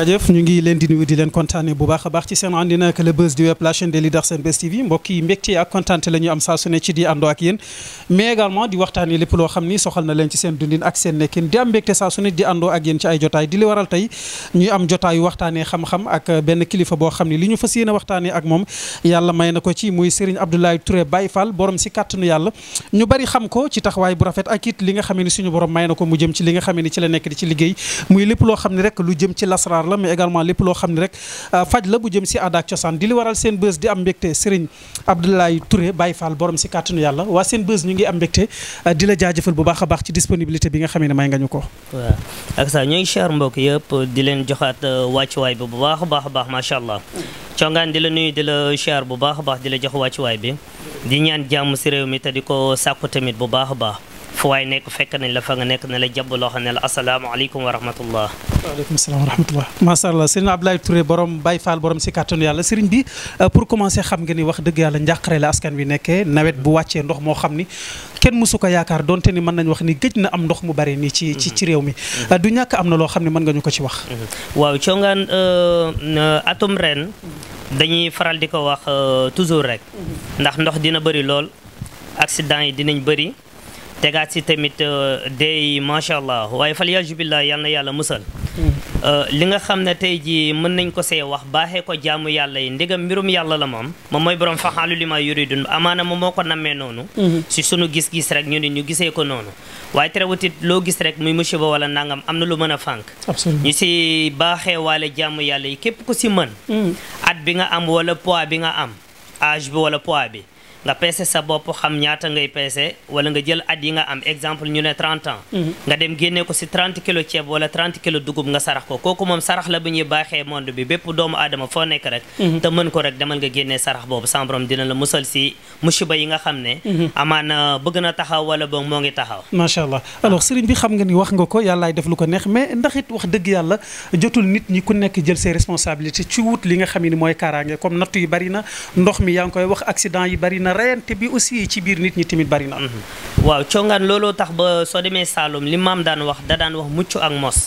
jërëjëf ñu ngi leen di di leen kontaane bu baax a baax ci seen àndina ak le buzz du web la chaîne des leaders Senbuzz TV mbokk yi ak kontaante la am saa ci di àndoo ak yéen mais également di waxtaane lépp loo xam ni soxal na leen ci seen dundin ak seen nekkin di am mbégte saa di àndoo ak yéen ci ay jotaay di li waral tey ñuy am jotaayu waxtaanee xam-xam ak benn kilifa boo xam ne li ñu fas yéene waxtaanee ak moom borom si kàttanu yàlla la mais également lépp loo xam ne rek euh, faj la bu jëm si aada ak cosaan di li waral seen bës di am mbégte Serigne Abdoulaye Touré Baye Fall borom si kàttanu yàlla waa seen bës ñu ngi am mbégte euh, di la jaajëfal bu baax a baax ci disponibilité bi nga xam ne may nga ñu ko. waaw ak saa ñooy char mbokk yëpp di leen joxaat euh, wàccuwaay bi bu baax a baax a baax macha allah congaan di la nuyu di la char bu baax a baax di la jox wàccuwaay bi di ñaan jàmm si réew mi te di ko sàkku tamit bu baax a baax fu waay nekk fekk nañ la fa nga nekk ne la jàpp loo xam ne la asalaamaaleykum wa rahmatullah waaleykum salaam wa rahmatullah macha allah sëriñ Abdoulaye Touré borom Baye Fall borom si kàttanu yàlla sëriñ bi euh, pour commencer xam nga ni wax dëgg yàlla njàqare la askan wi nekkee nawet bu wàccee ndox moo xam ni kenn mësu ko yaakaar donte ni mën nañ wax ni géej na am ndox mu bari nii ci ci ci réew mi mhm. euh, du ñàkk am na loo xam ne mën nga ñu ko ci wax mhm. waaw congaan euh, atum ren dañuy faral di ko wax toujours rek mhm. ndax ndox dina bëri lool accident yi dinañ bëri tegaat si tamit euh, dee yi macha allah waaye fal yajubillah yal na yàlla musal. Euh, li nga xam ne tey jii mën nañ ko see wax baaxee ko jàmm yàlla yi ndigam mbirum yàlla la moom moom mooy borom faxaalu li ma yuridun amaana moom moo ko nammee noonu mhm. si sunu gis-gis rek ñu ne ñu gisee ko noonu waaye terewutit loo gis rek muy musiba wala nangam am na lu mën a fànk ñu si baaxee waale jaamu yàlla yi képp ko si mën mhm. at bi nga am wala pois bi nga am âge bi wala poids bi nga peese sa bopp xam ñaata ngay peese wala nga jël at yi nga am exemple ñu ne 30 mhm. nga dem génne ko si 30 kilos ceeb wala 30 kilos dugub nga sarax ko kooku moom sarax la bu ñuy baaxee monde bi bépp doomu aadama foo nekk rek. Mhm. te mën ko rek demal nga génnee sarax boobu sans dina la musal si musiba yi nga xam ne. Mhm. amaana bëgg na taxaw wala boog moo ngi taxaw. macha allah alors sëriñ bi xam nga ni wax nga ko yàllaay def lu ko neex mais ndax it wax dëgg yàlla jotul nit ñi ku ci wut li nga xam ne mooy kaaraange comme yi na ndox mi na reyante bi aussi ci biir nit ñi tamit bari na. Mhm. waaw congaan looloo tax ba soo demee Saalum li maam daan wax da daan wax mucc ak mos.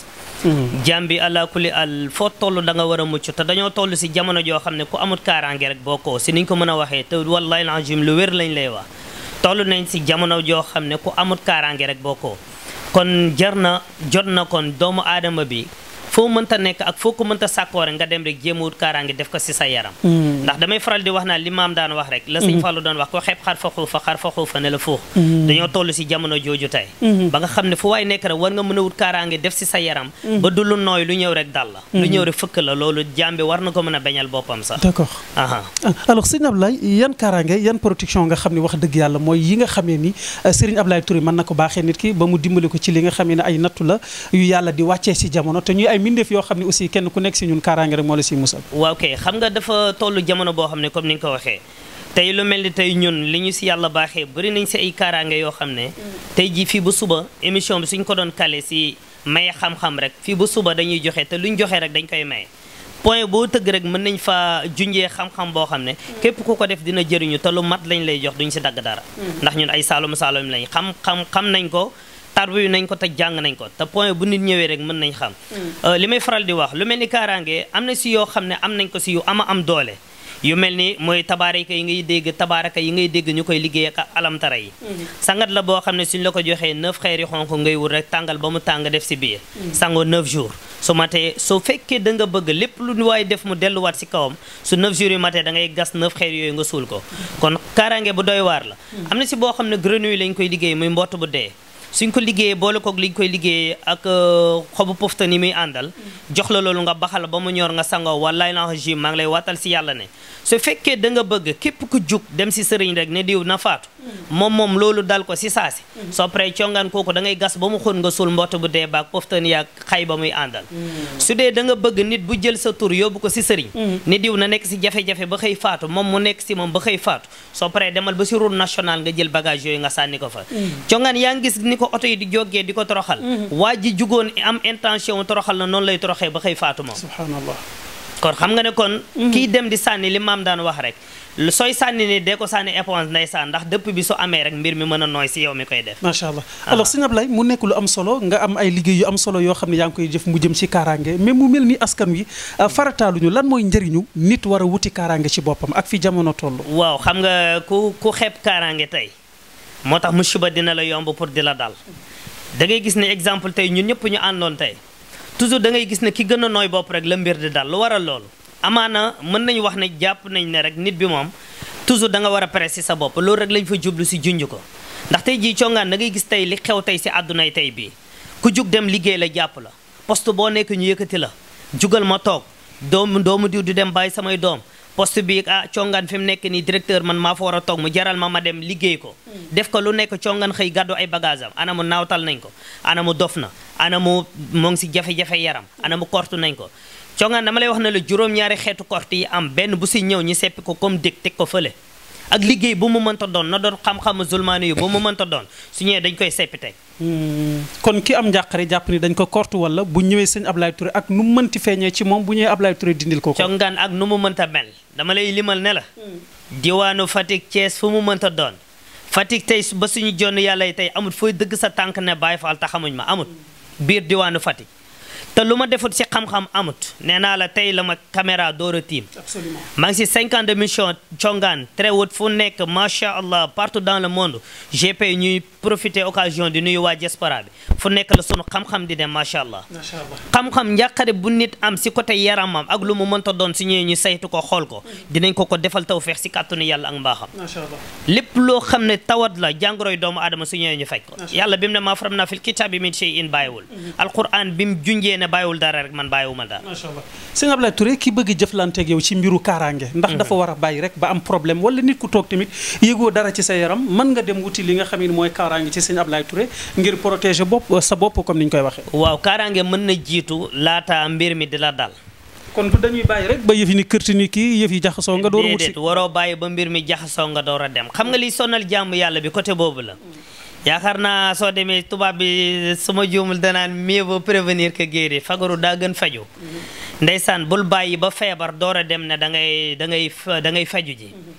jàmm bi allah kulli al foo toll da nga war a mucc te dañoo toll si jamono joo xam ne ku amut kaaraange rek boo ko si niñ ko mën a waxee te wallahi alazim lu wér lañ lay wax. toll nañ si jamono joo xam ne ku amut kaaraange rek kon jar na jot na kon doomu aadama bi. foo mënta nekk ak foo ko mënta sàkkoo rek nga dem rek jéem a wut kaaraange def ko si sa yaram hmm. ndax damay faral di wax naa li maam daan wax rek la sëñ hmm. Fallou doon wax ko xeeb xar fa xuufa xar fa xuufa ne la fuux hmm. dañoo toll si jamono jooju tey ba nga xam ne fu waay nekk rek war nga mën a wut kaaraange def si sa yaram ba du lu nooy lu ñëw rek dal a ah, yan kaaraange yan protection nga xam ne wax dëgg yàlla mooy yi nga xamee ni euh, Serigne Ablaye Touré mën na ko baaxee nit ki ba mu dimbali ko ci li nga xamee ne ay nattu la yu yàlla di wàccee si jamono te ñuy ay mbindeef yoo xam ne aussi kenn ku nekk si ñun kaaraange rek moo la siy musal waaw kay xam nga dafa toll jamono boo xam ne comme ni nga ko waxee tey lu mel ni tey ñun li ñu si yàlla baaxee bari nañ si ay kaaraange yoo xam ne mm. tey jii fii ba suba émission bi suñ ko doon kale si maye xam-xam rek fii ba suba dañuy joxe te lu ñu joxe rek dañ koy maye point boo tëgg rek mën nañ fa junjee xam-xam boo xam ne mm. képp ku ko def dina jëriñu te lu mat lañ lay jox duñ si dagg dara mm. ndax ñun tarbu yu nañ ko te jàng nañ ko te point bu nit ñëwee rek mën nañ xam hmm. euh, li may faral di wax lu mel ni kaaraange am na si yoo xam ne am nañ ko si yu ama am doole yu mel ni mooy tabaaraka yi ngay dégg tabaaraka yi ngay dégg ñu koy liggéey ak alamtara yi hmm. sangat la boo xam ne suñ la ko joxee neuf xeeri xonk ngay wut rek tàngal ba mu tàng def si biir hmm. sangoo neuf jours su matee soo fekkee da nga bëgg lépp lu waaye def mu delluwaat si kawam su neuf jours yu matee da ngay gas neuf yooyu nga suul ko kon kaaraange bu doy waar la am na si boo xam ne grenouille lañ koy liggéey muy mbott bu dee suñ ko liggéeyee boole kook liñ koy liggéeyee ak euh, xobu poftan yi muy àndal jox la loolu nga baxal ba mu ñor nga sangoo wallaay naa ji lay waatal si yàlla ne su fekkee da nga bëgg képp ku jug dem si sëriñ rek ne diw na faatu mm. moom moom loolu dal ko si saasi mm. soo paree congaan kooku da ngay gas ba mu xóon nga suul mbott bu dee baak poftan yaak xay ba muy àndal mm. su dee da nga bëgg nit bu jël sa tur yóbbu ko si sëriñ ne diw na nekk si jafe-jafe ba xëy faatu moom mu nekk si moom ba xëy faatu soo paree demal ba si route nationale nga jël bagage yooyu nga sànni ko fa ko oto yi di jógee di ko toroxal mm-hmm. waa ji jugoon am intention toroxal na noonu lay toroxee ba xëy faatu moom subhanallah kon xam nga ne kon mm-hmm. kii dem di sànni li maam daan wax rek sooy sànni ni de ko sànni éponge ndeysaan ndax dëpp bi su amee rek mbir mi mën a nooy si yow mi koy def macha allah ah. alors sëñ Ablaye mu nekk lu am solo nga am ay liggéey yu am solo yoo xam ne yaa ngi koy jëf mu jëm ci kaaraange mais mu mel ni askan wi ah, farataaluñu lan mooy njëriñu nit war a wuti kaaraange ci boppam ak fi jamono toll waaw xam nga ku ku xeeb kaaraange tey moo tax mu musiba dina la yomb pour di la dal da ngay gis ne exemple tey ñun ñëpp ñu àndoon tey toujours da ngay gis ne ki gën a nooy bopp rek la mbir di dal lu waral loolu. amaana mën nañu wax ne jàpp nañ ne rek nit bi moom toujours da nga war a presse sa bopp loolu rek lañu fa jublu si junj ko ndax tey jii congaan da ngay gis tey li xew tey si àddunay tey bii ku jug dem liggéey la jàpp la poste boo nekk ñu yëkkati la jugal ma toog doomu doomu diw di dem bàyyi samay doom. poste bi ah congaan fi mu nekk nii directeur man maa fa war a toog mu jaral ma ma dem liggéey ko. Hmm. def ko lu nekk congaan xëy gàddu ay bagage am mu naawtal nañ ko anamu dof na anamu mu ngi si jafe-jafe yaram anamu kortu nañ ko. congaan dama lay wax na la juróom-ñaari xeetu korte yi am benn bu si ñëw ñu seppi ko comme dég teg ko fële. ak liggéey bu mu mënta doon na doon xam-xamu zulmaani yu bu mu mënta doon su ñëwee dañ koy seppi teg hmm. kon ki am njàqare jàpp ni dañ ko kortu wala bu ñëwee sëñ Ablaye Touré ak nu mu mënti feeñee ci moom bu ñëwee Ablaye Touré dindil ko ko congaan ak nu mu mënta mel dama lay limal ne la hmm. diwaanu Fatick Thiès fu mu mënta doon Fatick tey ba suñu jonn yàlla tey amul fooy dëgg sa tànk ne Baye Fall ta xamuñ ma amul hmm. biir diwaanu Fatick te lu ma defut si xam-xam amut nee naa la tey la ma caméra door a tiim maa ngi si 50 émission congaan très haute fu nekk macha allah partout dans le monde GP ñuy profiter occasion di nuyu waa diaspora bi fu nekk la sunu xam-xam di dem macha allah xam-xam njàqare bu nit am si côté am ak lu mu mënta doon si ñëwee ñu saytu ko xool ko dinañ ko ko defal taw feex si kàttanu yàlla ak mbaaxam lépp loo xam ne tawat la jàngoroy doomu adama si ñëwee ñu faj ko yàlla bi mu ne maa faram ne bàyyiwul dara rek man bàyyiwuma dara. macha allah sëñ Abdoulaye Touré ki bëgg jëflanteeg yow ci mbiru kaaraange. ndax mm-hmm. dafa war a bàyyi rek ba am problème wala nit ku toog tamit yëgoo dara ci sa yaram man nga dem wuti li nga xam mooy kaaraange ci sëñ Abdoulaye Touré ngir protéger bopp sa bopp comme ni ñu koy waxee. waaw kaaraange mën na jiitu laata mbir mi di la dal. kon du dañuy ba yëf yi ni kërti ni kii yëf yi jaxasoo nga door a wut si waroo bàyyi ba mbir mi jaxasoo nga door a dem xam nga liy sonal jàmm yàlla bi côté boobu la yaakaar naa soo demee tubaab bi suma juumul danaan mieux vaut prévenir que guérir fagaru daa gën faju mm-hmm. ndeysaan bul bàyyi ba feebar door a dem ne da ngay da ngay faju ji mm-hmm.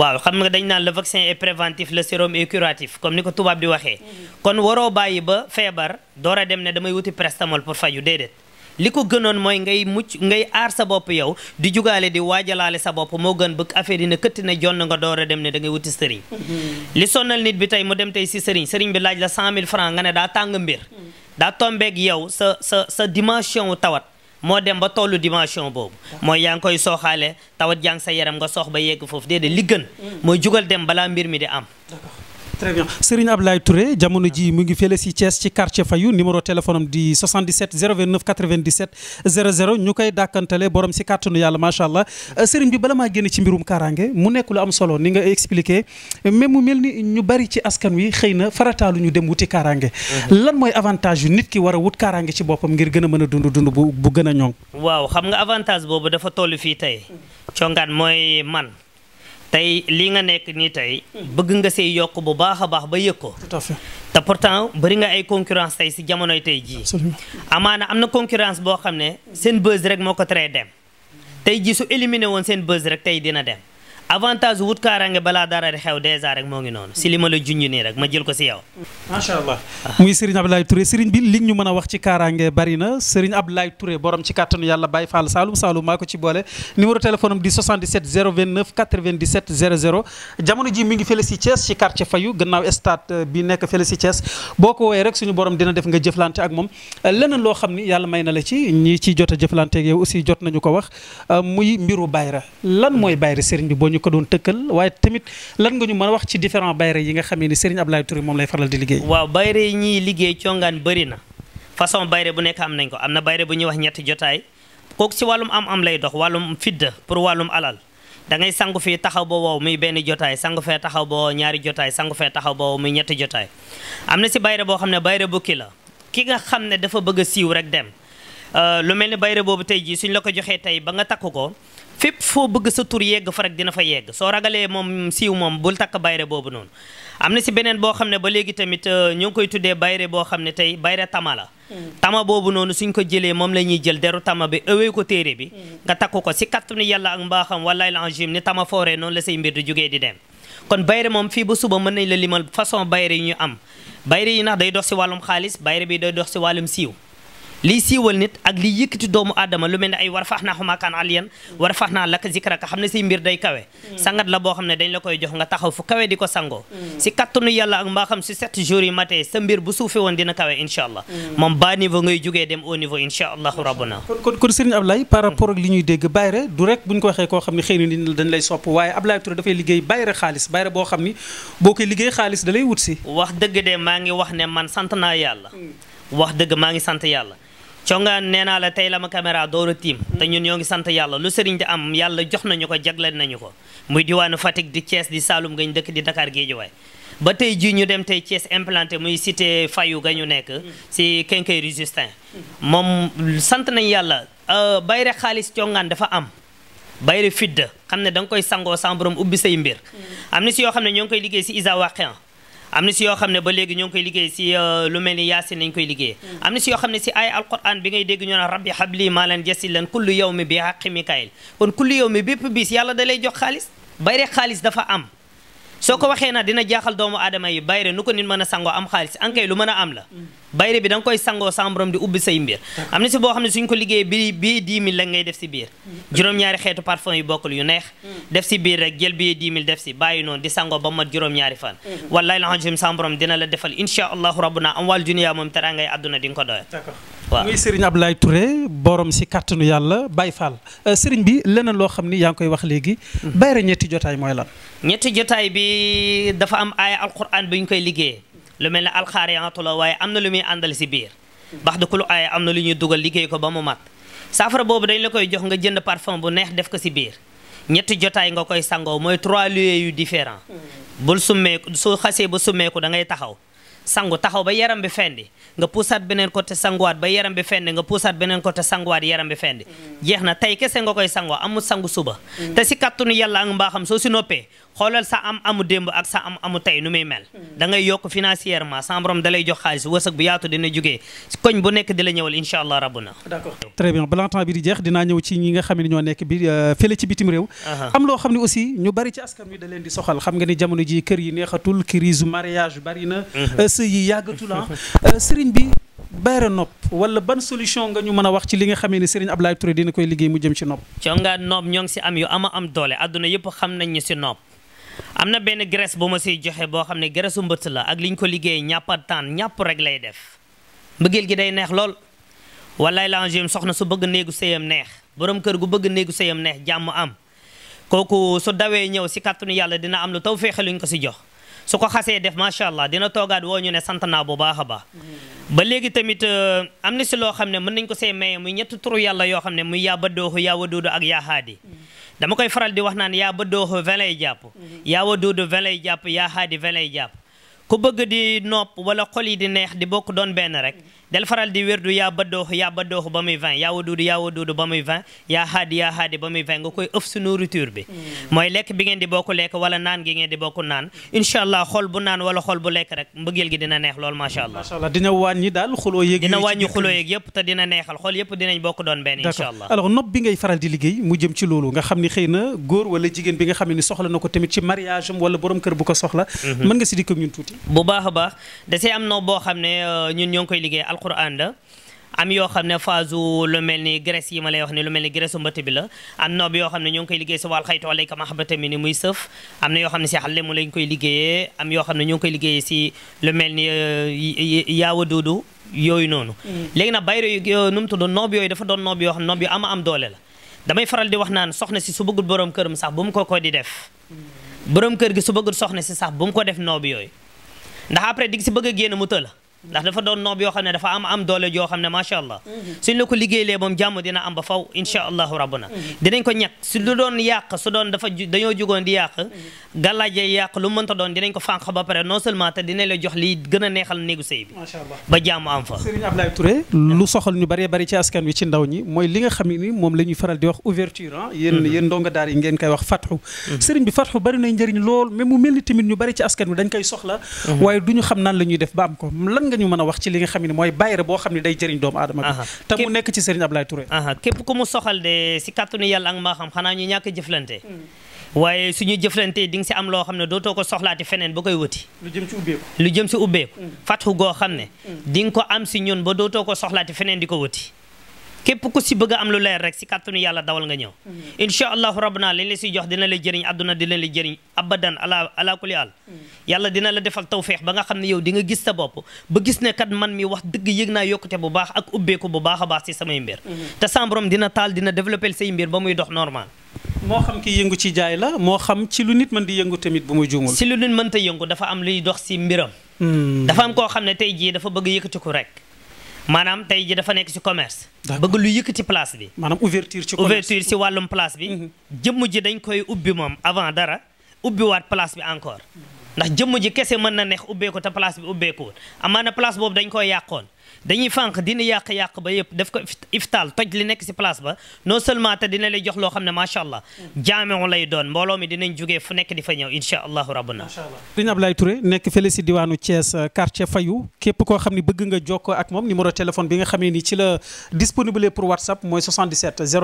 waaw xam nga dañ naan la vaccin est préventif la sérum est curatif comme ni ko tubaab di waxee mm-hmm. kon waroo bàyyi ba feebar door a dem ne damay wuti prestamol pour faju déedéet li ko gënoon mooy ngay mucc ngay aar sa bopp yow di jugaale di waajalaale sa bopp moo gën bëgg affaire yi ne na ne jonn nga door a dem ne da ngay wuti sëriñ mm-hmm. li sonnal nit bi tey mu dem tey si sëriñ sëriñ bi laaj la cent mille francs nga ne daa tàng mbir mm-hmm. daa tombeek yow sa sa sa dimension tawat moo dem ba tollu dimension boobu mooy yaa ngi koy sooxaale tawat jàng sa yaram nga soox ba yegg foofu déedéet li gën mm. mooy jugal dem balaa mbir mi di am très bien Serigne Ablaye Touré jamono ji mu ngi fële si Thiès ci quartier Fayu numéro téléphone am di 77 029 97 00 ñu koy dàkkantale borom si kàttanu yàlla macha allah euh, Serigne bi bala maa génn ci mbirum kaaraange mu nekk lu am solo ni nga expliqué même mu mel ni ñu bari ci askan wi xëy na farataalu ñu dem wuti kaaraange. Mhm. lan mooy avantage yu nit ki war a wut kaaraange ci boppam ngir gën a mën a dund dund bu bu gën a ñoŋ. waaw xam nga avantage boobu dafa tey li nga nekk nii tey bëgg nga see yokk bu baax a baax ba yëg ko tout à fait te pourtant bëri nga ay concurrence tey si jamonoy tey jii amaana am na concurrence boo xam ne seen buzz rek moo ko teree dem tey jii su éliminer woon seen buzz rek tey dina dem avantage wut kaaraange balaa dara di xew dèjà rek moo ngi noonu si li ma la junj nii rek ma jël ko si yow. macha allah ah. muy Serigne Abdoulaye Touré Serigne bi li ñu mën a wax ci kaaraange bari na Serigne Abdoulaye Touré borom ci kàttanu yàlla Baye Fall Saloum Saloum maa ko ci boole numéro téléphone am di 77 029 97 00 jamono ji mi ngi fële si Thiès ci quartier gannaaw stade euh, bi nekk fële si boo ko woowee rek ñu borom dina def nga jëflante ak moom euh, leneen loo xam ni yàlla may na la ci ñi ci jot a jëflante ak yow aussi jot nañu ko wax euh, muy mbiru bayra lan mooy bayra Serigne bi boo ko doon tëkkal waaye tamit lan nga ñu mën a wax ci différents bayre yi nga xamee ni Serigne Abdoulaye Touré moom lay faral di liggéey. waaw bayre yi ñuy liggéey congaan bëri na façon bayre bu nekk am nañ ko am na bayre bu ñuy wax ñetti jotaay kooku si wàllum am-am lay dox wàllum fidda pour wàllum alal da ngay sangu fi taxaw ba wow muy benn jotaay sangu fee taxaw ba wow ñaari jotaay sangu fee taxaw ba wow muy ñetti jotaay am na si bayre boo xam ne bayre bukki la ki nga xam ne dafa bëgg a siiw rek euh, lu mel ni bayre boobu la ko tey ba nga takk ko fépp foo bëgg sa tur yegg fa rek dina fa yegg soo ragalee moom siiw moom bul takk bayre boobu noonu am na si beneen boo xam ne ba léegi tamit euh, ñu ngi koy tuddee bayre boo xam ne tey bayre tama la hmm. tama boobu noonu suñ ko jëlee moom la ñuy jël deru tama bi ëwee ko téere bi hmm. nga takku ko si kattu ni yàlla ak mbaaxam wallaay la angim ni tama foore noonu la say mbir di jógee di dem kon bayre moom fii ba suba mën nañ la limal façon bayre yi ñu am bayre yi nag day dox si wàllum xaalis bayre bi day dox si siiw liy siiwal nit ak liy yëkkati doomu aadama lu mel ne ay war fax naa xumaakaan aliyan war fax naa lakk zikraka xam ne say mbir day kawe hmm. sangat la boo xam ne dañ la koy jox nga taxaw fu kawe di ko sangoo hmm. si kattanu yàlla ak mbaa xam si sept jours yi matee sa mbir bu suufe woon dina kawe incha allah hmm. moom bas niveau ngay jógee dem au niveau incha allahu rabbuna kon kon Serigne Ablaye par rapport ak li ñuy dégg bayre du rek buñ ko waxee koo xam ne xëy na dañ lay sopp waaye Ablaye Touré dafay liggéey bayre xaalis bayre boo xam ni boo koy liggéey xaalis da wut si wax dëgg de ngi wax ne man sant naa yàlla wax dëgg maa ngi sant yàlla congaan nee naa la tey la ma caméra door a tiim mm. te ñun ñoo ngi sant yàlla lu sëriñ di am yàlla jox nañu ko jagleel nañu ko muy diwaanu Fatick di Thiès di Saalum gañ dëkk di Dakar Géejawaay ba tey ji ñu dem tey Thiès implante muy cité fayu ga ñu nekk mm. si Quincaillerie Justin moom sant nañ yàlla euh, bayre xaalis congaan dafa am bayre fidda xam ne da nga koy sangoo sans ubbi say mbir mm. am na si yoo xam ne ñoo ngi koy liggéey si isa waqan am na si yoo xam ne ba léegi ñoo ngi koy liggéey si euh, lu mel ni yaasin lañ koy liggéey mm. am na si yoo xam ne si ay alquran bi ngay dégg ñoo naan rabbi habli maalan jasilan kullu yow mi bi haqi mikaayil kon kullu yow mi bépp bis yàlla da lay jox xaalis bayre xaalis dafa am soo ko waxee na dina jaaxal doomu adama yi bayre nu ko nit mën a sangoo am xaalis ankay lu mën a am la bayre bi da koy sangoo sa borom di ubbi say mbir am na si boo xam ne suñ ko liggéey bi bii dix ngay def si biir mm. juróom-ñaari xeet xeetu yi bokk bokkul yu neex mm. def si biir rek jël bii dix def si bàyyi noonu di sangoo ba mat juróom-ñaari fan mm-hmm. wallahi la xam sa borom dina la defal insha allahu rabbuna am wal duniya moom teraangay àdduna di nga ko waaw muy Serigne Abdoulaye Touré boroom si kàttanu yàlla bay Fall euh, Serigne bi leneen loo xam ni yaa ngi koy wax léegi. Mhm. bayra ñetti jotaay mooy la ñetti jotaay bi dafa am aaya alquran bu ñu koy liggéeyee lu mel ne alxaariyaatu la waaye am na lu muy àndal si biir. bax da ku lu aaya am na lu ñuy dugal liggéey ko ba mu mat saafara boobu dañ la koy jox nga jënd parfum bu neex def ko si biir. ñetti jotaay nga koy sangoo mooy trois lieux yu différent mhm. bul summeeku soo xasee ba summeeku da ngay taxaw. sangu taxaw ba yaram bi fendi nga puusaat beneen côté sanguwaat ba yaram bi fendi nga puusaat beneen côté sanguwaat yaram ba fendi mm. jeex na tey kese nga koy sangoo amul sangu suba mm. te si kàttanu yàlla ak mbaaxam soo si noppee xoolal sa am amu démb ak sa am amu tey nu muy mel da ngay yokk financièrement sa borom da lay jox xaalis wërsëg bu yaatu dina jógee koñ bu nekk di la ñëwal incha allah rabbuna d'accord très bien balaa temps bi di jeex dinaa ñëw ci ñi nga xam ne ñoo nekk bi euh, fële ci bitim réew am loo xam ne aussi ñu bari ci askan wi da leen di soxal xam nga ni jamono ji kër yi neexatul crise mariage bari na mhm. euh, sëy yi yàggatul ah euh, sëriñ bi bayra nopp wala ban solution nga ñu mën a wax ci li nga xamee ne Serigne Abdoulaye Touré dina koy liggéey mu jëm ci nopp congaan nopp ñoo ngi si am doole adduna yëpp xam nañ ñu si nopp am na benn graisse bu ma siy joxe boo xam ne graisse su mbëtt la ak li ñu ko liggéey ñàppat taan ñàpp rek lay def mbëggeel gi day neex lool wallaay langim soxna su bëgg néegu sëyam neex borom kër gu bëgg néegu sëyam neex jàmm am kooku su dawee ñëw si kàttanu yàlla dina am lu taw féexe luñ ko si jox su ko xasee def macha allah dina toogaat woo ñu ne sant naa bu baax a baax mm-hmm. ba léegi tamit euh, am na si loo xam ne mën nañ ko see maye muy ñetti turu yàlla yoo xam ne muy yaa badooxu yaa waduudu ak yaa haadi mm-hmm. dama koy faral di wax naan yaa ba dooxu vingt jàpp yaa wa duudu vingt jàpp yaa xaadi vingt jàpp ku bëgg di nopp wala kol yi di neex di bokk doon benn rek mhm. del faral di wérdu yaa baddooxu yaa baddooxu ba muy 20 yaa waduudu yaa ba muy 20 yaa xaadi yaa xaadi ba muy 20 nga koy ëf su nourriture bi mm. mooy lekk bi ngeen di bokk lekk wala naan gi ngeen di bokk naan incha allah xol bu naan wala xol bu lekk rek mbëggeel gi dina neex lool macha allah dina wàññi daal xuloo yéeg dina mu jëm ci loolu nga xam ni xëy na góor wala jigéen bi nga xam ne soxla na ko tamit ci mariage am wala kër bu ko soxla mm-hmm. mën nga si di ko ñun tuuti a alquran la am yoo xam ne phaasu lu mel ni graisse yi ma lay wax ne lu mel ni graisse mbëtt bi la am noob ne ñoo ngi koy liggéey si wàll xaytu xam ne si xale mu lañ yoo xam ne ñoo ngi koy liggéeyee si lu mel ni euh, yaawa yooyu noonu mm. léegi nag bayro yu nu mu tudd noob yooyu dafa doon noob yoo xam ne noob yu ama am doole la damay faral di wax naan soxna si su bëggul borom këram sax bu mu ko ko di def mm. borom kër gi su bëggul soxna si sax bu mu ko def noob yooyu ndax après dig si bëgg a génn mu të ndax dafa doon noob yoo xam ne dafa am am doole joo xam ne macha allah mhm. suñ la ko liggéeylee moom jàmm dina am ba faw insha allahu rabbuna mhm. dinañ ko ñàkk su lu doon yàq su doon dafa dañoo jugoon di yàq mhm. gàllaaje yàq lu mënta doon dinañ ko fànq ba pare non seulement te dinañ la jox li gën a neexal néegu sëy bi ba jàmm am fa Serigne Ablaye Touré lu soxal ñu bëree bëri ci askan wi ci ndaw ñi mooy li nga xam ni moom la ñuy faral di wax ouverture ah yéen yéen ndonga daar yi ngeen koy wax fatxu Serigne bi fatxu bari nay njëriñ lool mais mu mel ni tamit ñu bari ci dañ koy soxla xam naan la ñuy def ba am ko nga ñu mën a wax ci li nga xam mooy bayre boo xam ne day jëriñ doomu aadama bi te mu nekk ci Serigne Ablaye Touré képp ku mu soxal de si kàttanu yàlla ak maa xam xanaa ñu ñàkk jëflante waaye suñu jëflante di nga si am loo xam ne dootoo ko soxlaati feneen ba koy wëti lu jëm si ubbeeku lu mm. jëm goo xam ne mm. di nga ko am si ñun ba dootoo ko soxlaati feneen di ko wëti képp ku si bëgg a am lu leer rek si kàttanu yàlla dawal nga ñëw incha allahu rabbana liñ la siy jox dina la jëriñ àdduna dina la jëriñ abadan ala ala kulli al yàlla dina la defal tawféex ba nga xam ne yow di nga gis sa bopp ba gis ne kat man mi wax dëgg bu baax ak ubbeeku bu baax a baax si samay mbir te sambrom dina taal dina développé mbir ba muy dox normal moo xam ki yëngu ci jaay la moo xam ci lu nit mën di yëngu tamit bu muy juumul si lu nit mënta yëngu dafa am luy dox si mbiram hmm. dafa am koo xam ne tey jii dafa bëgg yëkkatiku maanaam tey ji dafa nekk ci commerce. bëgg lu yëkkati place bi. maanaam ouverture ci commerce ouverture wàllum place bi. Mhm. jëmm ji dañ koy ubbi moom avant dara ubbiwaat place bi encore. ndax jëmm ji kese mën na neex ubbeeku te place bi ubbeekuwul na place boobu dañ koy yàqoon. dañuy fànq dina yàq-yàq ba yëpp daf ko iftaal toj li nekk si place ba non seulement te dina lay jox loo xam ne macha allah jaamiu lay doon mbooloo mi dinañ jógee fu nekk di fa ñëw incha allahu rabbuna Serigne nekk fële diwaanu Thiès euh, quartier Fayu képp koo xam ne bëgg nga jokkoo ak moom numéro téléphone bi nga xamee ni ci la disponible pour WhatsApp mooy 77 bi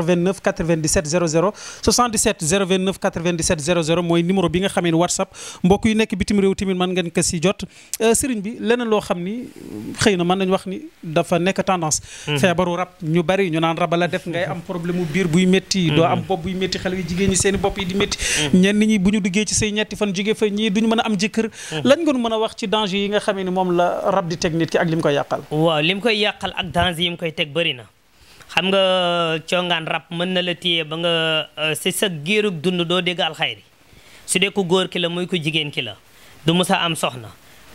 nga xamee ni WhatsApp mbokk yu nekk bitim réew tamit mën ngeen ko si jot euh, Serigne bi leneen loo ni dafa nekk tendance mhm. feebaru rab ñu bari ñu naan raba la def ngay am problème mu biir buy métti doo am mhm. bopp buy métti xale yu jigéen ñi seen bopp yi di métti mhm. ñenn ñi bu ñu duggee ci say ñetti fan jóge fa ñii duñu mën a am jëkkër lañ ngeen mën a wax ci danger yi nga xamee moom la rab di teg nit ki ak li koy yàqal waaw li koy yàqal ak danger yi koy teg bëri na xam nga euh, congaan rab mën na la téye ba nga euh, si sa géerug dund doo dégg alxayri su dee ku ki la muy ku jigéen ki la du musa am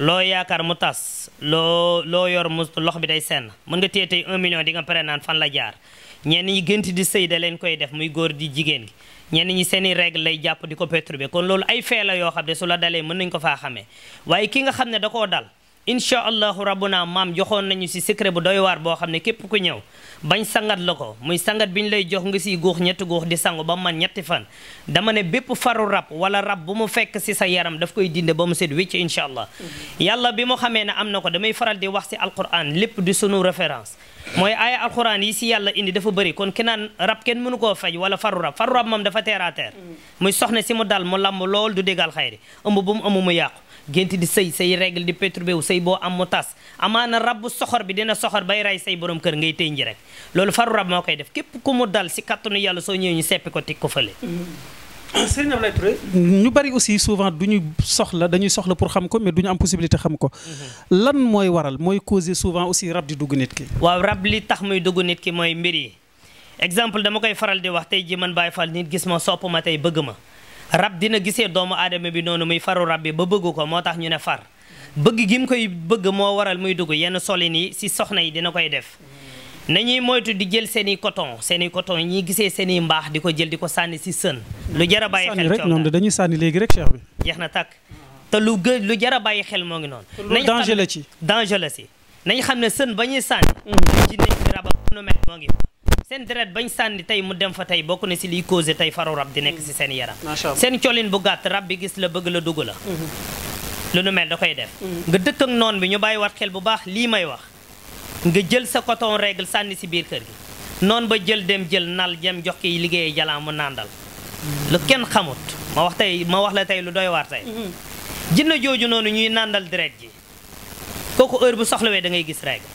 loo yaakaar mu tas loo loo yor mu lox bi day senn mën nga téye tey 1 million di nga pare naan fan la jaar ñenn ñi gënt di sëy da leen koy def muy góor di jigéen gi ñenn ñi seen i règle lay jàpp di ko perturber kon loolu ay fee la yoo xam ne su la dalee mën nañ ko faa xamee waaye ki nga xam ne da koo dal incha allahu rabbuna maam joxoon nañu si secret bu doy waar boo xam ne képp ku ñëw bañ sangat la ko muy sangat bi ñu lay jox nga si góox ñetti góox di sangu ba man ñetti fan dama bépp faru rab wala rab bu mu fekk si sa yaram daf koy dinde ba mu set wicc incha allah yàlla bi mu xamee ne am na ko damay faral di wax si alquran lépp di sunu référence mooy aaya alquran yi si yàlla indi dafa bëri kon kenaan naan kenn mënu koo faj wala faru rab faru rab moom dafa teer mm. muy soxna si mu dal mu lamb lool du dégal xayri ëmb bu mu ëmb mu gént di sëy say règle di perturbé wu sëy boo am mu tas amaana rab soxor bi dina soxor bay rey say borom kër ngay tëy nji rek loolu faru rab moo koy def képp ku mu dal si kattanu yàlla soo ñëwee ñu seppi ko teg ko fële mm-hmm. sëriñ Ablaye Touré ñu bari aussi souvent du ñu soxla dañuy soxla pour xam ko mais du ñu am possibilité xam ko mm-hmm. lan mooy waral mooy causer souvent aussi rab di dugg nit ki waaw rab li tax muy dugg nit ki mooy mbir yi exemple dama koy faral di wax tey ji man Baye Fall nit gis ma sopp ma tey bëgg ma rab dina gisee doomu aadama bi noonu muy faru rab bi ba bëgg ko moo tax ñu ne far bëgg gi mu koy bëgg moo waral muy dugg yenn solin yi si soxna yi dina koy def nañuy moytu di jël seen i coton seeni coton yi ñuy gisee seen i mbaax di ko jël di ko sànni si sën lu jar a bàyyi xel rek ñoom dañuy sànni rek cheikh jeex na tàkk te lu gë lu jar a xel moo ngi noonu danger la ci danger la si nañ xam ne sën ba ñuy sànni mm-hmm. ci nañ rab nu mel moo ngi seen deret bañ sànni tey mu dem fa tey bokk na si liy causé tey faru rab di nekk si seen yaram seen colin bu gàtt rab bi gis la bëgg la dugg la mhm. lu nu mel da koy def mhm. nga dëkkak noon bi ñu bàyyi wat xel bu baax lii may wax nga jël sa coton règle sànni si biir kër gi noonu ba jël dem jël nal jem jox kiy liggéeyee jalaam mu nàndal lu kenn xamut ma wax tey ma wax la tey lu doy waar tey mhm. jinne jooju noonu ñuy nàndal deret ji kooku heure bu soxlawee da ngay gis règle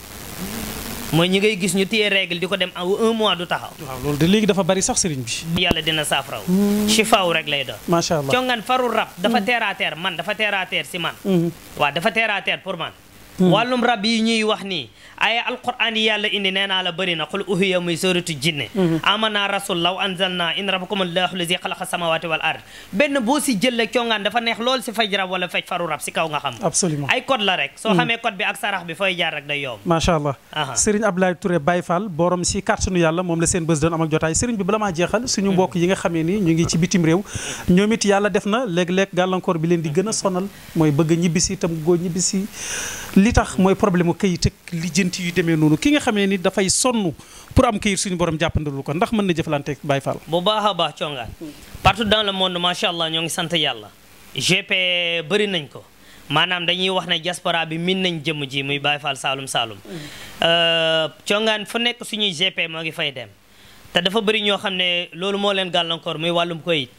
mooy ñi ngay gis ñu téye règle di ko dem un mois du taxaw. waaw loolu de léegi dafa bari sax sëriñ bi. yàlla dina saafaraw. Hmm. chifaaw rek lay doon. macha allah congaan faru dafa teer hmm. teer man dafa teer teer si man. Hmm. waa dafa teer a teer pour man. Hmm. wàllum rab yi ñuy wax nii ay alquran yàlla indi nee naa la bari na xul uhiya muy sóoratu jinne hmm. amana rasul law anzalna in rabbakum allahu lazi xalaqa samawati wal ard benn boo si jëlle congaan dafa neex lool si faj rab wala faj faru rab si kaw nga xam absolument ay code la rek soo hmm. xamee code bi ak sarax bi fooy jaar rek day yomb macha allah Serigne Abdoulaye Touré yàlla moom la seen bés doon am ak jotaay Serigne bi bala maa jeexal suñu mbokk yi nga xamee ni ñu ngi ci bitim réew ñoom yàlla def na léeg-léeg gàllankoor bi leen di gën a sonal mooy bëgg ñibbisi tam góor ñibbisi li tax mooy problème kayit ak lijjanti yu demee noonu ki nga xamee ni dafay sonn pour am kayit suñu borom jàppandalu ko ndax mën na jëflanteeg Baye Fall. bu baax a baax congaan partout dans le monde macha allah ñoo ngi sant yàlla GP bari nañ ko maanaam dañuy wax ne diaspora bi min nañ jëmm ji muy Baye Fall Saalum Saalum euh, congaan fu nekk suñuy GP moo ngi fay dem te dafa bëri ñoo xam ne loolu moo leen gàllankoor muy wàllum kayit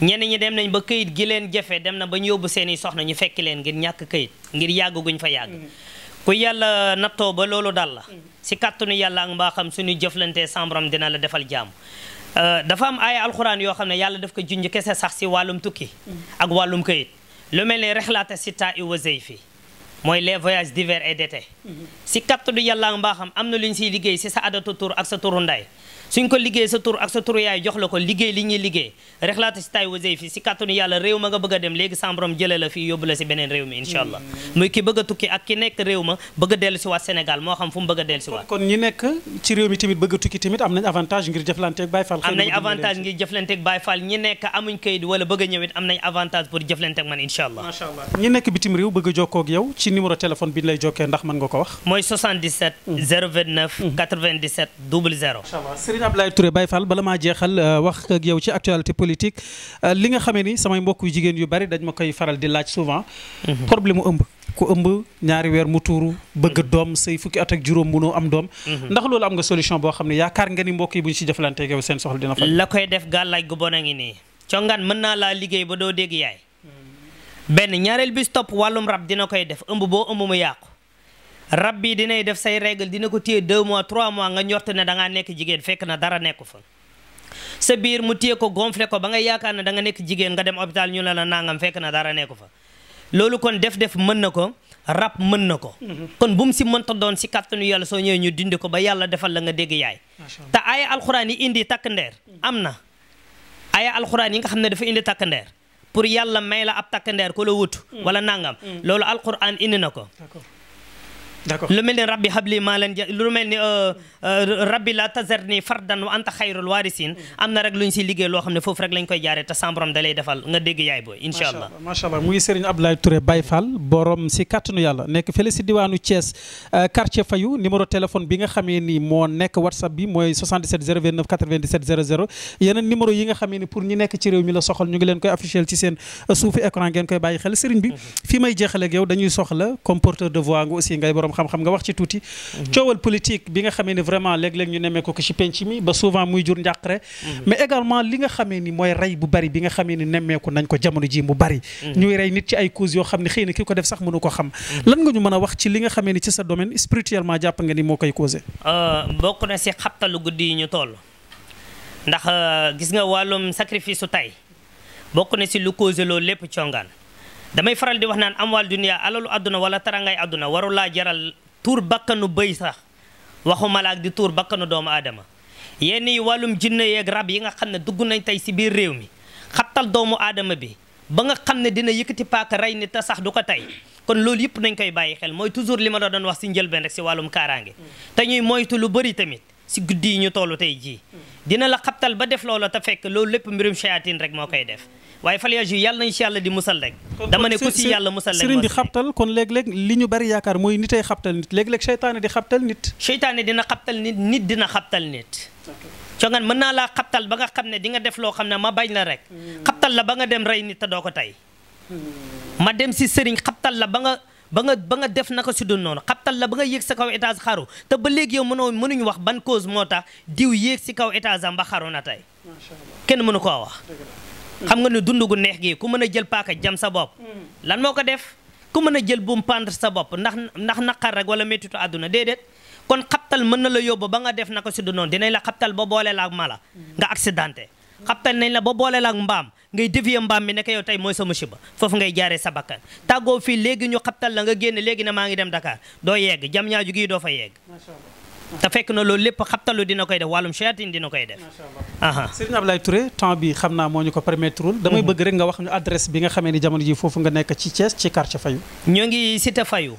ñenn ñi dem nañ ba këyit gi leen jafe dem na ba ñu yóbbu seeni soxna ñu fekki leen ngir ñàkk këyit ngir yàgg guñ fa yàgg ku yàlla nattoo ba loolu dal la si kàttanu yàlla ak mbaaxam suñu jëflantee sambram dina la defal jàmm euh, dafa am ay alxuraan yoo xam ne yàlla daf ko junj kese sax si wàllum tukki ak wàllum këyit lu mel ne rexlaata si taa i wasey fii mooy les voyages d'hiver et d'été si mm-hmm. kàttanu yàlla ak mbaaxam am na lu ñu siy liggéey si sa adatu tur ak sa turu suñ ko liggéey sa tur ak sa turu yaay jox la ko liggéey li ñuy liggéey rek laata si tay wasey fii si kàttanu yàlla réew ma nga bëgg a dem léegi sambrom jëlee la fii yóbbu la si beneen réew mi incha allah hmm. muy ki bëgg a tukki ak ki nekk réew ma bëgg a dellu si waat Sénégal moo xam fu mu bëgg a dellu si waat kon ñi nekk ci réew mi tamit a tukki tamit am nañ avantage nekk amuñ kayit wala bëgg a am nañ avantage pour jëflanteeg man incha allah macha allah ñi nekk bitim réew bëgg a jokkoo bi ñu lay jokkee nga ko wax mooy 77 029 97 00 Serigne Abdoulaye Touré Baye Fall bala maa jeexal euh, wax ak yow ci euh, li nga xamee ni samay mbokk yu jigéen yu bari dañ ma koy faral di laaj souvent. Mhm. problème mu ëmb. ku ëmb ñaari weer mu tuuru. bëgg mhm. doom say fukki at ak juróom munoo am doom. Mhm. ndax loolu am nga solution boo xam ne yaakaar nga ni mbokk yi bu ñu ci jëflanteeg yow seen soxla dina fa. la koy def gàllaaj gu bon a ngi nii. congaan mën naa laa liggéey ba doo dégg yaay. Hmm. benn ñaareel bis topp wàllum rab dina koy def ëmb boo ëmb mu yàqu rab bi dinay def say règle dina ko téye 2 mois 3 mois nga ñort ne dangaa nekk jigéen fekk na dara nekku fa sa biir mu téye ko gonflé ko ba nga yaakaar ne da nga nekk jigéen nga dem hôpital ñu ne la nangam fekk na dara nekku fa loolu kon def-def mën na ko rab mën na ko mhm. kon bu mu si mënta doon si kàttanu yàlla soo ñëwee ñu dindi ko ba yàlla defal la nga dégg yaay te aaya alxuraan yi indi takk ndeer am na aaya alxuraan yi nga xam ne dafa indi takk pour yàlla may la ab takk ndeer ko mm. wala nangam mm. loolu na ko d'accord lu mel ni rabbi habli maalan ja lu mel ni euh, euh, rabbi la tazarni fardan wa anta xayrul waarisin mm-hmm. am na rek lu ñu si liggéey loo xam ne foofu rek lañ koy jaaree te sambrom da lay defal nga dégg yaay booy incha allah macha allah muy Serigne Abdoulaye Touré Baye Fall borom si kàttanu yàlla nekk fële si diwaanu Thiès euh, quartier Fayu bi nga xamee ni moo nekk whatsapp bi mooy 77 029 yi nga xamee ni pour ñi nekk ci réew mi la soxal ñu ngi leen koy affiché xam-xam nga wax ci tuuti mhm. coowal politique bi nga xamee ni vraiment léeg-léeg ñu nemee ko ci penc mi ba souvent muy jur njàqare mhm. mais également li nga xamee ni mooy rey bu bari bi nga xamee ni nemmeeku nañ ko jamono ji mu bari mhm. ñuy rey nit ci ay cause yoo xam ne xëy na ki ko def sax mënu ko xam lan nga ñu mën a wax ci li nga xamee ni ci sa domaine spirituellement jàpp nga ni moo koy causé euh, bokk na si xabtalu guddi yi ñu toll ndax euh, gis nga wàllum sacrifice su tey bokk na si lu causé loolu lépp congaan damay faral di wax naan amwaal dunia alalu àdduna wala tarangay àdduna waru laa jaral tuur bakkanu bëy sax waxu malaak di tuur bakkanu doomu aadama yenn yi wàllum jinne yeeg rab yi nga xam ne dugg nañ tey si biir réew mi xattal doomu aadama bi ba nga xam ne dina yëkkati paaka rey nit te sax du ko tey kon loolu yëpp nañ koy bàyyi xel mooy toujours li ma la doon wax si njëlbeen rek si wàllum kaaraange te ñuy moytu lu bëri tamit si guddi yi ñu tollu tey jii dina la xabtal ba def loola te fekk loolu lépp mbirum shayatin rek moo koy def waaye fal yaju yàlla nañ si yàlla di musal rek dama ne ku si yàlla musal nit dina xabtal nit nit dina xabtal naa laa xabtal ba nga xam ne di nga def loo xam ne ma bañ la rek hmm. xabtal la ba nga dem rey nit doo ko tey hmm. ma si sëriñ xabtal la ba nga ba nga ba nga def naka su dul noonu xabtal la ba nga yéeg sa kaw étage xaru te ba léegi yow mënoo mënuñu wax ban cause moo tax diw yéeg si kaw étage am ba xaru na tey kenn mënu koo wax xam nga ne dund gu neex gi ku mën a jël paaka jam sa bopp mm. lan moo ko def ku mën a jël buum pendre sa bopp ndax ndax naqar rek wala méttitu àdduna déedéet kon xabtal mën na la yóbbu ba nga def naka su dul noonu dinañ la xabtal ba boole la ak mala mm. nga accidenté xabtal nañ la ba boole ak mbaam ngay dévier mbaam mi nekk yow tey mooy sa musiba foofu ngay jaaree sa tàggoo fii léegi ñu xabtal la nga génn léegi na maa ngi dem Dakar doo yegg jam ñaaju gii doo fa yegg te fekk na loolu lépp xabtalu dina koy def wàllum shayatin dina koy def aa Serigne Abdoulaye Touré temps bi xam naa moo ñu ko permettre damay mhm. bëgg rek nga wax ñu adresse bi nga xamee ni jamono ji foofu nga nekk ci Thiès ci quartier Fayu ñoo ngi cité Fayu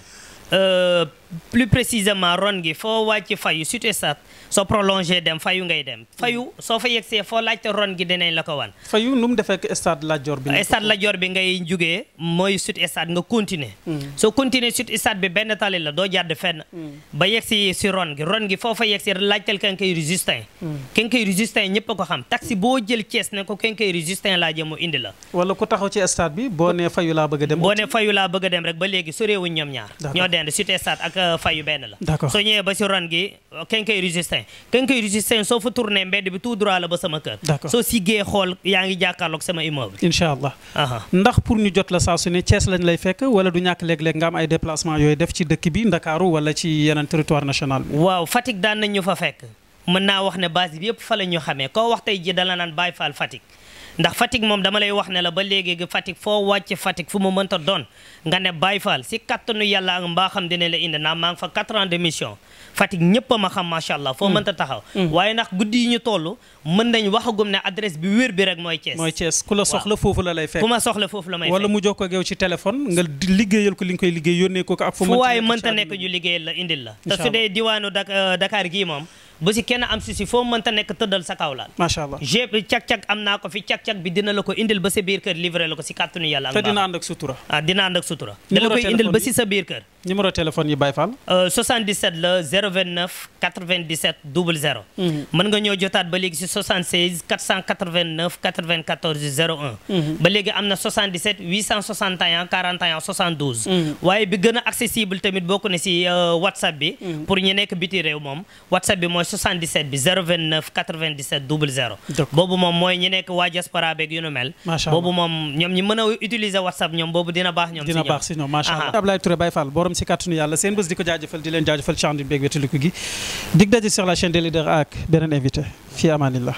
euh, plus précisément ron gi foo wàcc fayu surtout sat soo prolongé dem fayu ngay dem fayu soo fa yegsee foo laajte ron gi dinañ la ko wan fayu nu mu defee ak stade Lat Dior bi stade Lat Dior bi ngay jógee mooy sud stade nga continuer hmm. soo continuer sud stade benn tali la doo jàdd fenn hmm. ba yegsi si ron gi ron gi foo fa yegsi laajtel kenkay résistant hmm. kenkay résistant ñëpp a ko xam taxi boo jël Thiès ne ko kenkay résistant laa jëm mu indi la wala ku taxaw ci stade bi boo ne fayu laa bëgg a dem boo ne fayu laa bëgg a dem rek ba léegi soréewuñ ñoom ñaar ñoo dend sud stade ak euh, fay yu benn la soo ñëwee ba si ron gi kenkay résistant kenkay résistant soo fa tourné mbedd bi tout droit la ba sama kër soo siggee xool yaa ngi jàkkaarloog sama immeuble incha allah ndax pour ñu jot la saa su ne Thiès lay fekk wala du ñàkk léeg-léeg nga ay déplacement yooyu def ci dëkk bi Ndakaaru wala ci yeneen territoire national waaw Fatick daan ñu fa fekk mën naa wax ne base bi fa la ñu koo wax ji dala naan Baye Fall Fatick ndax Fatick moom dama lay wax ne la ba léegi Fatick foo wàcc Fatick fu mu mënta doon nga ne Baye Fall si kattanu yàlla ak mbaaxam dina la indi naa maa ngi fa 4 ans de mission Fatick ñëpp a ma xam macha allah. foo mm. mënta taxaw. Mm. waaye ndax guddi yi ñu toll mën nañ waxagum ne adresse bi wér bi rek mooy Thiès. mooy Thiès ku la soxla foofu la lay fekk. ku ma soxla foofu la may fekk wala mu jokkoo ak yow ci téléphone nga liggéeyal ko li nga koy liggéey yónnee ko ak fu waaye mënta nekk ñu liggéeyal la indil la te su dee diwaanu Dakar moom ba si kenn am si si foo mënta nekk tëddal sa kaw laal. macha allah jéem cag-cag am naa ko fi cag-cag bi dina la ko indil ba sa biir kër livré la ko si kàttanu yàlla. te dina ànd ak sutura. Ah, dina ànd sutura. da la indil ba si sa biir kër. numéro téléphone yi Baye Fall. 77 euh, la 029 97 00. mën nga ñëw jotaat ba léegi si 76 489 94 01. ba léegi am na 77 861 41 72. waaye bi gën a accessible tamit bokk na si euh, WhatsApp bi. Mhm. pour ñu nekk biti réew moom WhatsApp bi mooy bi boobu moom mooy ñi nekk waa diaspora beeg nu mel. boobu moom ñoom ñi mën a utiliser WhatsApp ñoom boobu dina baax ñoom. si ñoom dina baax si ñoom macha allah Ablaye Touré Baye Fall si kàttanu yàlla seen bés di ko jaajëfal di leen jaajëfal ci ànd beeg wetaliku gi dig daje sur la chaîne des leaders ak beneen invité fii amaanillah